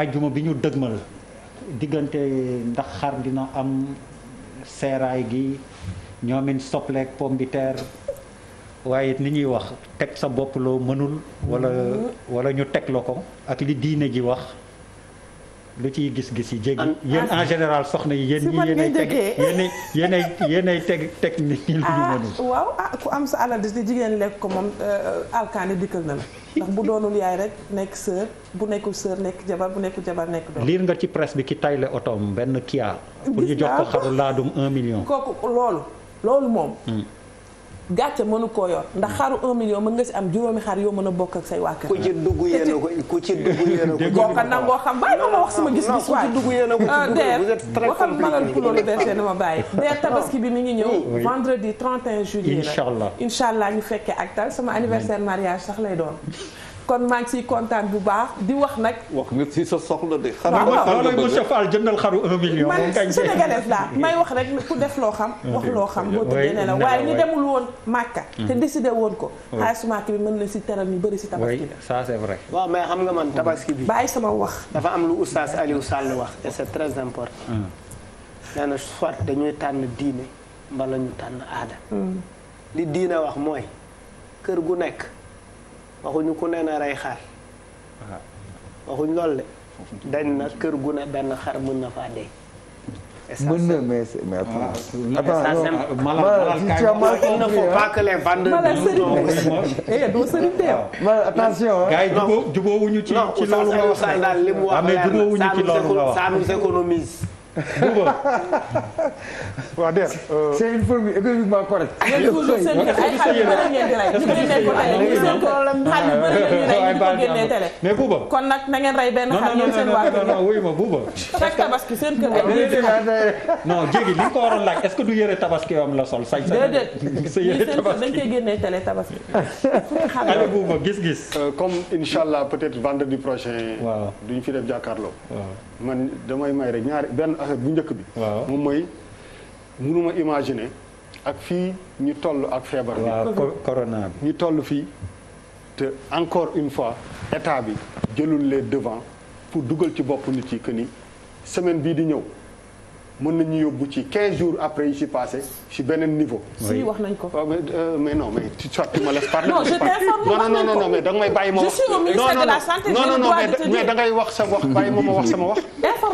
ajjuma bi ñu dëgmal diggante ndax xar dina am seeraay gi ñoomin sopleeg pomme de terre waaye ni ñuy wax teg sa bopp loo mënul walla mm-hmm. wala ñu teg la ko ak li diine ji wax lu ciy gis-gis yi jéggi yéen en général soxna yi yéen ñi yéenay teg yéenay yéenay yéenay teg teg nit ñi lu ñu ah, mënul waaw ah ku am sa alal di jigéen lekk ko moom euh, alkaani dikkal na la ndax bu doonul yaay rek nekk sœur bu nekkul sœur nekk jabar bu nekkul jabar nekk doom liir nga ci presse bi ki tay oto otoom benn Kia pour ñu jox ko xaru laadum un million kooku loolu loolu moom hmm. gàcce mënu koo yor ndax xaru 1 million mën nga si am juróomi xar yoo mën a bokk ak say waa kër. ku ci dugg yéen a ko ku ci dugg yéen a ko. koo xam nangoo xam bàyyi ma ma wax sama gis-gis waay. ku ci dugg yéen a ko ci euh, dugg vous êtes très compliqué. waxal malal kuloolu berger dama bàyyi. dee tabaski bi mi ngi ñëw. vendredi 31 juillet la incha allah incha allah ñu fekkee ak tal sama anniversaire mariage sax lay doon. kon maa ngi siy kontaan bu baax di wax nag. wax si sa soxla de. xanaa ma Fall jëndal xaru 1 million. man sénégalais laa may wax rek ku def loo xam. wax loo xam boo tëjee ne la waaye ñu demul woon Màkka. te mm. décidé woon ko. xaalisu Màkka bi mën na si teral ñu bëri si tabaski bi. ça c'est vrai. waaw mais xam nga man ki bi. bàyyi sama wax. dafa am lu oustaz Aliou Sall wax et c'est très important. Mm. nee na soit dañuy tànn diine mbala ñu tànn aada. Mm. li diine wax mooy kër gu nekk. waxuñu ku ne na rey xar ah. waxuñ loolu dañ na kër gu ne benn xar mën na faa dee mën na mais mais attends. Ah, attends ah, malal il ne eh, attention. gars yi jubóo ci ci loolu nga wax daal li mu wax. mais waaw der c'est une forme économiquement correcte. toujours seen ay xale yu bëri ngeen di rey ñu bëri nekk ko télé seen problème xale yu ngeen di rey mais Bouba kon nag nangeen ngeen benn xale yéen seen waa kër non wuyu ma Bouba. tabaski seen kër non jéegi li ko waroon laaj est-ce que du yëre tabaski yoo am la sol sañ sañ sa yëre tabaski dañ koy génnee télé tabaski. allez Bouba gis-gis. Euh, comme inshallah peut-être vendredi prochain. waaw ñu fi def jàkkaarloo. man damay may rek ñaari affaire bu njëkk bi. moom mooy mënuma imagine ak fii ñu toll ak feebar bi. corona bi ñu toll fii te encore une fois état bi jëlul les devants pour dugal ci bopp nit yi que ni semaine bii di ñëw. mën nañu yóbbu ci 15 jours après yi ci passé ci beneen niveau. si wax nañ ko. Oh, euh, mais non mais tu ma laisse parler. non je t'informe wax nañ ko bàyyi ma wax. je suis mais dangay wax sa wax bàyyi ma ma wax sama wax.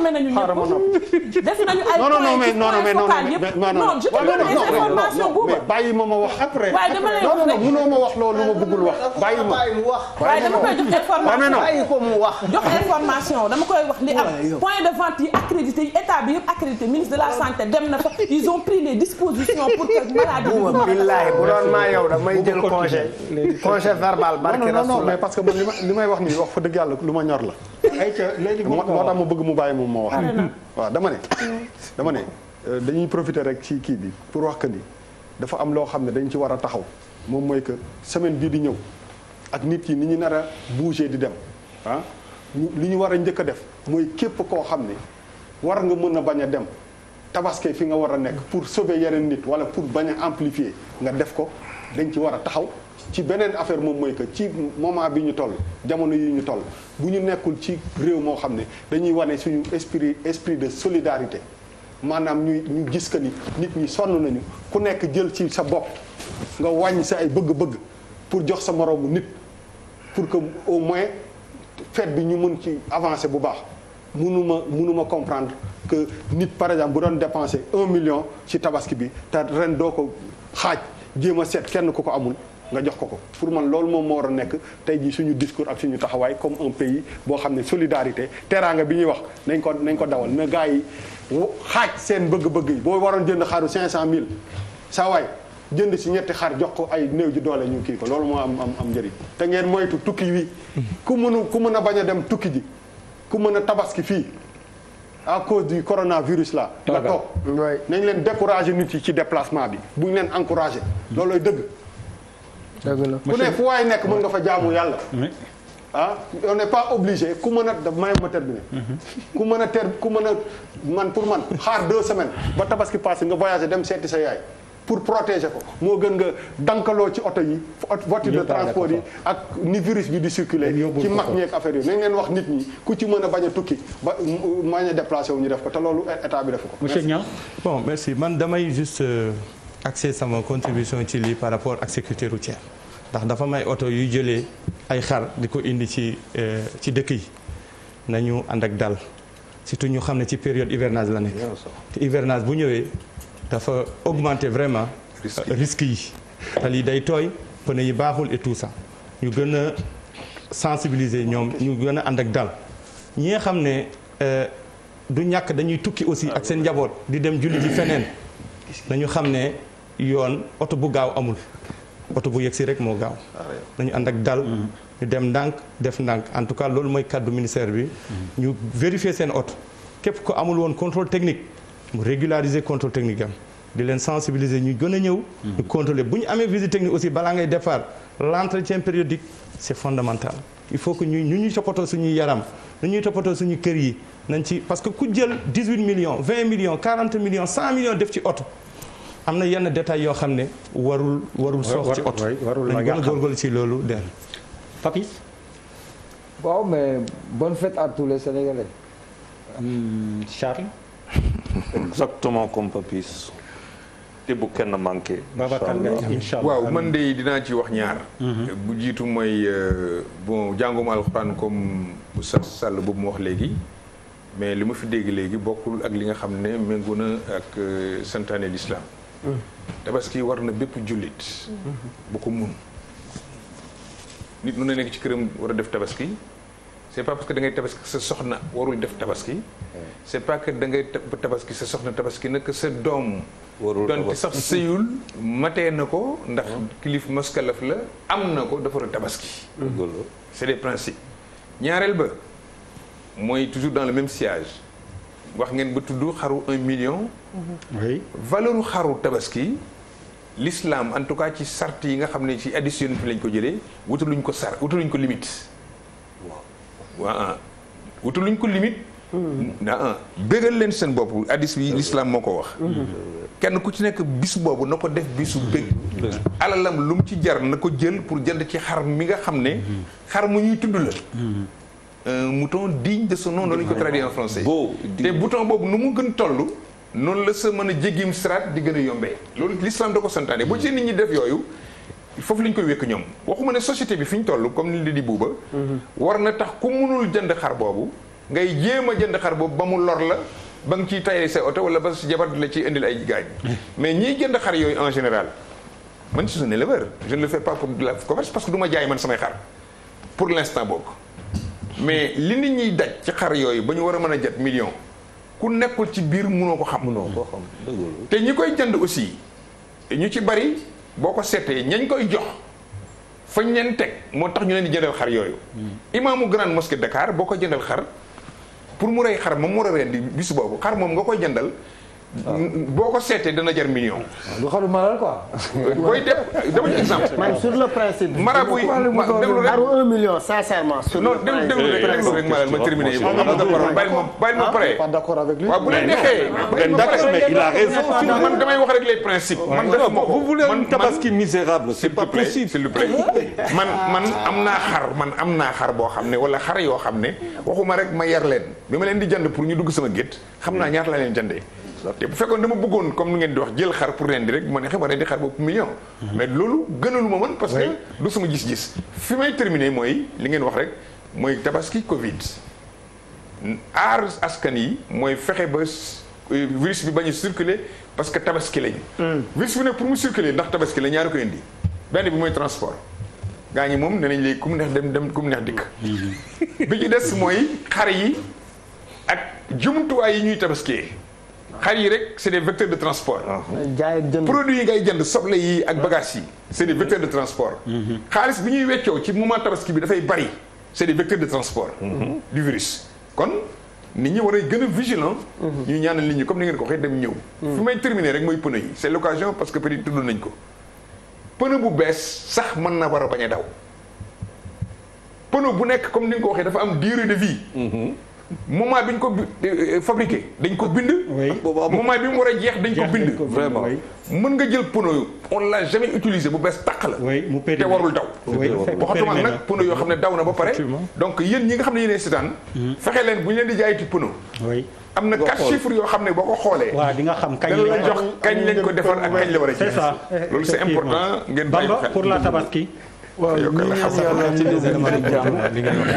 formé nañu ñëpp. def nañu ay points non non non non je te donne des informations buuba. bàyyi ma ma wax après. waaye dama lay wax rek mënoo ma wax loolu ma bëggul wax. bàyyi ma waaye dama koy jox information ah, bàyyi ko mu wax. jox information dama koy wax li am point de vente yi accrédité yi état bi yëpp accrédité ministre de la santé dem na fa ils ont pris les dispositions pour que maladie. buuba billaay bu doon maa yow damay jël congé. congé verbal barke rasul. non non non mais parce que man li may wax nii wax fa dëgg yàlla lu ma ñor la. ayca léegi moo tax mu bëgg mu bàyyi moom moo wax. waaw dama ne. Mm. dama ne euh, dañuy profiter rek ci kii bi pour wax que ni dafa am loo xam ne dañ ci war a taxaw moom mooy que semaine bii di ñëw ak nit yi ni ñu nar a bouger di dem ah li ñu war a njëkk a def mooy képp koo xam ne war nga mën a bañ a dem. tabaske fi nga war a nekk pour sauver yeneen nit wala pour bañ a amplifier nga def ko dañ ci war a taxaw. ci beneen affaire moom mooy que ci moment bi ñu toll jamono yi ñu toll bu ñu nekkul ci réew moo xam ne dañuy wane suñu esprit esprit de solidarité maanaam ñuy ñu gis que ni nit ñi sonn nañu ku nekk jël ci sa bopp nga wàññi sa ay bëgg-bëgg pour jox sa moroomu nit pour que au moins fête bi ñu mën ci avancer bu baax mënuma munuma comprendre que nit par exemple bu doon dépenser un million ci tabaski bi te ren doo ko xaaj jéem a set kenn ku ko amul nga jox ko ko pour man loolu moom moo war a nekk tey jii suñu discours ak suñu taxawaay comme un pays boo xam ne solidarité teraanga bi ñuy wax nañ ko nañ ko dawal na gars yi xaaj seen bëgg-bëgg yi boo waroon jënd xaaru 500000 saa waay jënd si ñetti xar jox ko ay néew ji doole ñu kii ko loolu moo am am am njëriñ te ngeen moytu tukki wi ku mënu ku mën a bañ a dem tukki ji ku mën a tabaski fii à cause du coronavirus là nga toog nañ leen découragé nit yi ci déplacement bi bu leen encouragé loolooy dëgg dëgg la ku ne fu nekk mën nga fa jaamu yàlla. ah on n'est pas obligé ku mën a daf may ma terminé. Mhm. ku mën a ter ku mën a man pour man xaar deux semaine ba tabaski passé nga voyagé dem seeti sa yaay. pour protéger ko moo gën nga dankaloo ci oto yi voiture de transport yi ak ni virus bi di circuler ci mag ñeeg affaire yi nañ leen wax nit ñi ku ci mën a baña tukki ba bañ a déplacé wu ñu def ko te loolu état bi def ko. monsieur Niang bon merci man damay juste. Euh, accès sama contribution ci lii par rapport ak sécurité routière ndax dafa may oto yuy jëlee ay xar di ko indi ci euh, ci dëkk yi nañu ànd ak dal surtout ñu xam ne ci période hivernage la nekk te hivernage bu ñëwee dafa augmenter vraiment risques euh, yi tali day tooy pneu yi baaxul et tout ça ñu gën a sensibiliser ñoom ñu gën a ànd ak dal ñi nga xam ne euh, du ñàkk dañuy tukki aussi ak seen njaboot di dem julli ji feneen nañu xam ne yoon oto bu gaaw amul oto bu yegsi rek moo gaaw ah, nañu ànd ak dal mm-hmm. ñu dem ndànk def ndànk en tout cas loolu mooy kàddu ministère bi mm-hmm. ñu vérifier seen oto képp ko amul woon contrôle technique mu régulariser contrôle technique am di leen sensibiliser ñu gën a ñëw mm-hmm. ñu contrôler bu ñu amee visite technique aussi balaa ngay départ l'entretien périodique c'est fondamental il faut que ñu ñu ñuy toppatoo suñuy yaram nu ñuy toppatoo suñu kër yi nañ ci parce que ku am na yenn détails yoo xam ne warul warul soox ci oto dañ gën a góorgóorlu loolu dell Papis waaw mais bonne fête à tous hmm, Charles exactement comme Papis te bu kenn manqué inshallah waaw man de dinaa ci wax ñaar mhm. bu jiitu mooy euh, bon jàngum alxuraan comme bu sa sàll boobu mu wax léegi mais li ma fi dégg léegi bokkul ak li nga xam ne méngoo na ak euh, santaane l'islam tabaski war na bépp jullit. bu ko mun. nit mun na nekk ci këram war a def tabaski c'est pas parce que da ngay tabaski sa soxna warul def tabaski. c'est pas que da ngay tabaski sa soxna tabaski nag sa doom. warul donte sax sëyul matee na ko ndax mm. kilif maskalaf la am na ko dafa war a tabaski. Mm. c'est des principes ñaareel ba mooy toujours dans le même siège. wax ngeen ba tudd xaru un million. oui xaru tabaski. l'islam en tout cas ci sart yi nga xam ne ci addition fi lañ ko jëlee wutaluñ ko sart wutaluñ ko limite. waaw waaw ah. wutaluñ ko limite. Hmm. ah leen seen bopp addis bi l'islam moo ko wax. Hmm. Hmm. kenn ku ci nekk bis boobu na ko def bisu bég. alalam lu mu ci jar na ko jël pour jënd ci xar mi nga xam ne. xar mu ñuy tudd la. Euh, un mouton digne de ko traduit en français. te mouton boobu nu mu gën toll. noonu la sa mën a jéggiim siraat di gën a yombee loolu l'islam da ko santaane boo gisee nit ñi def yooyu foofu la ñu koy wékk ñoom waxuma ne société bi fi ñu toll comme ni li di buuba mm-hmm. war na tax ku mënul jënd xar boobu ngay jéem a jënd xar boobu ba mu lor la ba nga ciy tayee sa oto wala ba sa jabar la ciy indil ay gaañ mais ñiy jënd xar yooyu en général man je suis un éleveur le fais pas pour de la parce que du ma jaay man samay xar pour l'instant bokk mais li nit ñiy daj ci xar yooyu ba ñu war a mën a jot million ku nekkul ci biir munoo ko xam. munoo te ñi koy jënd aussi ñu ci bari boo ko seetee ñañ koy jox fañ leen teg moo tax ñu ne di jëndal xar yooyu. Hmm. imaamu grande mosquée Dakar boo ko jëndal xar pour mu rey xar moom moo war a rendi bis boobu xar moom nga koy jëndal. boo ko seetee dana jar million. lu xalu def dama exemple. man ma déglu rek aru un le principe non déglu rek déglu rek maral ma terminé yi moom am na parole bàyyi ma bàyyi ma ah, pare. a raison. man damay wax rek les principes. man dama ko vous voulez un tabaski misérable c'est man man am naa xar man am naa xar boo xam ne wala xar yoo xam ne waxuma rek ma yar leen bi ma leen di jënd pour ñu dugg sama gét xam naa ñaata la leen jëndee ndaxte bu fekkoon dama bëggoon comme nu ngeen di wax jël xar pour rendi rek bu ma neexee ma rendi xar boobu million mhm. mais loolu gënalu ma man parce que du sama gis-gis fi may terminer mooy li ngeen wax rek mooy tabaski covid aar askan yi mooy fexe ba euh, virus bi bañ a circuler parce que tabaski lañ mm. virus bi nag pour mu circuler ndax tabaski la ñaari ko indi benn bi mooy transport gaa ñi moom ne nañ léegi ku mu neex dem dem ku mu neex dikk mhm. bi ñu des mooy xar yi ak jumtuwaay yi ñuy tabaskee xar yi rek c' est des de transport. Ah. Euh, jaay ak jënd produit yi ngay jënd soble yi ak ah. bagages yi. c' est des de transport. Mm-hmm. xaalis bi ñuy weccoo ci moment tabaski bi dafay bari. c' est des de transport. Mm-hmm. du virus kon nit ñi war a gën a vigilant. Mm-hmm. ñu ñaanal nit ñi comme ni ngeen ko waxee dem ñëw. Mm. fi may terminer rek mooy pneu yi c' est parce que peut être tudd nañ ko. pneu bu bees sax mën na war a bañ a daw. pneu bu nekk comme ni nga ko waxee dafa am durée de moment bi ñu ko euh, fabriqué dañ ko bind. Ah, moment bi mu war a jeex dañ ko bind. vraiment mën nga jël pono yu on l'a jamais utilisé bu bees tàq la. te warul daw. waxatuma nag pono yoo xam ne daw na ba pare. donc yéen ñi nga xam ne yéenay seetaan. Hmm. fexe leen bu ñu leen di jaayati pono. am na quatre chiffres yoo xam ne boo ko xoolee. waaw nga xam kañ la jox kañ lañ ko defar ak kañ la war a jeex. c'est ça loolu c'est important ngeen bàyyi pour la waaw ñu ngi yàlla ñu yóbbu ñu sa jàmm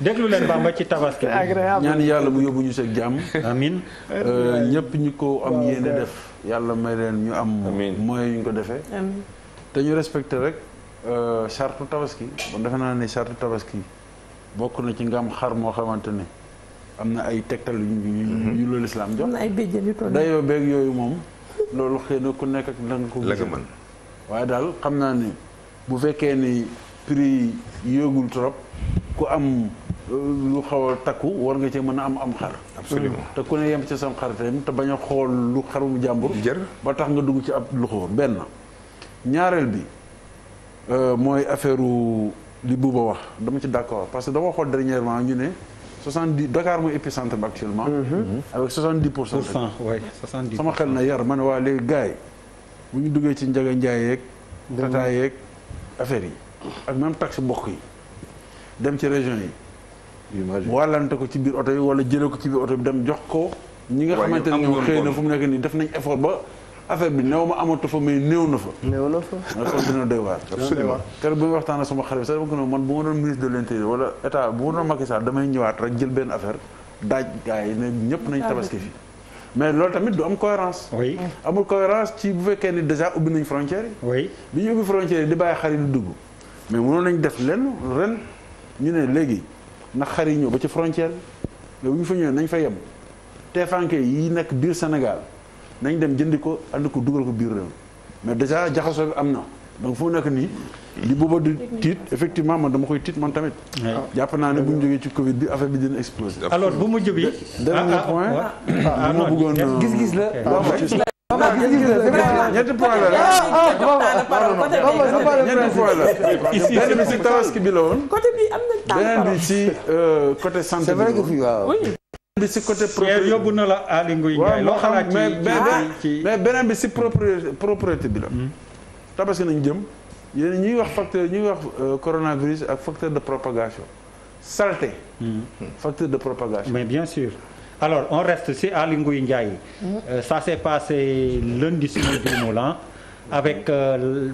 déglu leen Bamba ci tabaski ñaan yàlla mu yóbbu ñu sa jàmm amiin euh, ñëpp ñu ko am yéene def yàlla may leen ñu am moyen ñu ko defee te ñu respecté rek euh, sartu tabaski bon defe naa ne sartu tabaski bokk na ci nga am xar moo xamante ne am na ay tegtal yu ñu yu loolu islam jox dayoo beeg yooyu moom loolu xëy na ku nekk ak la nga ko waaye daal xam naa ne bu fekkee ni prix yéegul trop ku am euh, lu xaw a takku war nga cee mën a am am xar. absolument mm. te ku ne yem ci sam xar tamit te bañ a xool lu xarum jàmbur. ba tax nga dugg ci ab lu benn. ñaareel bi euh, mooy affaire li Bouba wax dama ci d'accord parce que dama xool dernièrement ñu ne. 70 Dakar mooy épicentre bi actuellement. Mm-hmm. Mm-hmm. avec 70 pour cent. pour cent oui 70 sama xel na yar ma ne waa les gars yi bu ñu duggee ci Ndiaga Ndiaye yeeg. Tata yeeg. affaire yi ak même taxe bokk yi dem ci région yi wàllante ko ci biir oto yi wala jële ko ci biir oto bi dem jox ko ñi nga xamante ne ñoom xëy na fu mu nekk nii def nañ effort ba affaire bi new ma amatu fa mais néew na fa néew na fa nga xam dina doy waar absolument keroog bi ma waxtaan sama xarit sax dama ko ne man bu ma doon ministre de l'intérieur wala état bu ma doon Macky Sall damay ñëwaat rek jël benn affaire daaj gars yi ne ñëpp nañ tabaski fi mais loolu tamit du am cohérence amul cohérence ci bu fekkee ni déjà ubbi nañ frontières yi. oui bi ñu ubbi frontières yi di bàyyi xar yi dugg. mais mënoon nañ def lenn ren ñu ne léegi ndax xar yi ñëw ba ci frontière bi bu ñu fa ñëwee nañ fa yem teefanke yi nekk biir Sénégal nañ dem jëndi ko ànd ko dugal ko biir réew mais déjà jaxasoo bi am na. donc fu nekk nii. li booba di tiit effectivement man dama koy tiit man tamit. jàpp naa ne bu ñu jógee ci Covid bi affaire bi dina exploser. alors bu mujj bi. dernier ah, ah, point. ah, ah ma bëggoon gis-gis la. ñetti euh, la ñetti point la benn bi ci tabaski bi la woon beneen euh, bi ci côté santé c'est vrai que waaw beneen na la Aly Ngouille loo xalaat ci mais beneen bi ci propriété bi la hmm. tabaski nañ jëm yéen ñuy wax facteur ñuy wax euh, coronavirus ak facteur de propagation saleté. Hmm. facteur de propagation. mais bien sûr alors on reste si Aly Ngouille Ndiaye. Hmm. Euh, ça s'est passé lundi si avec. Euh,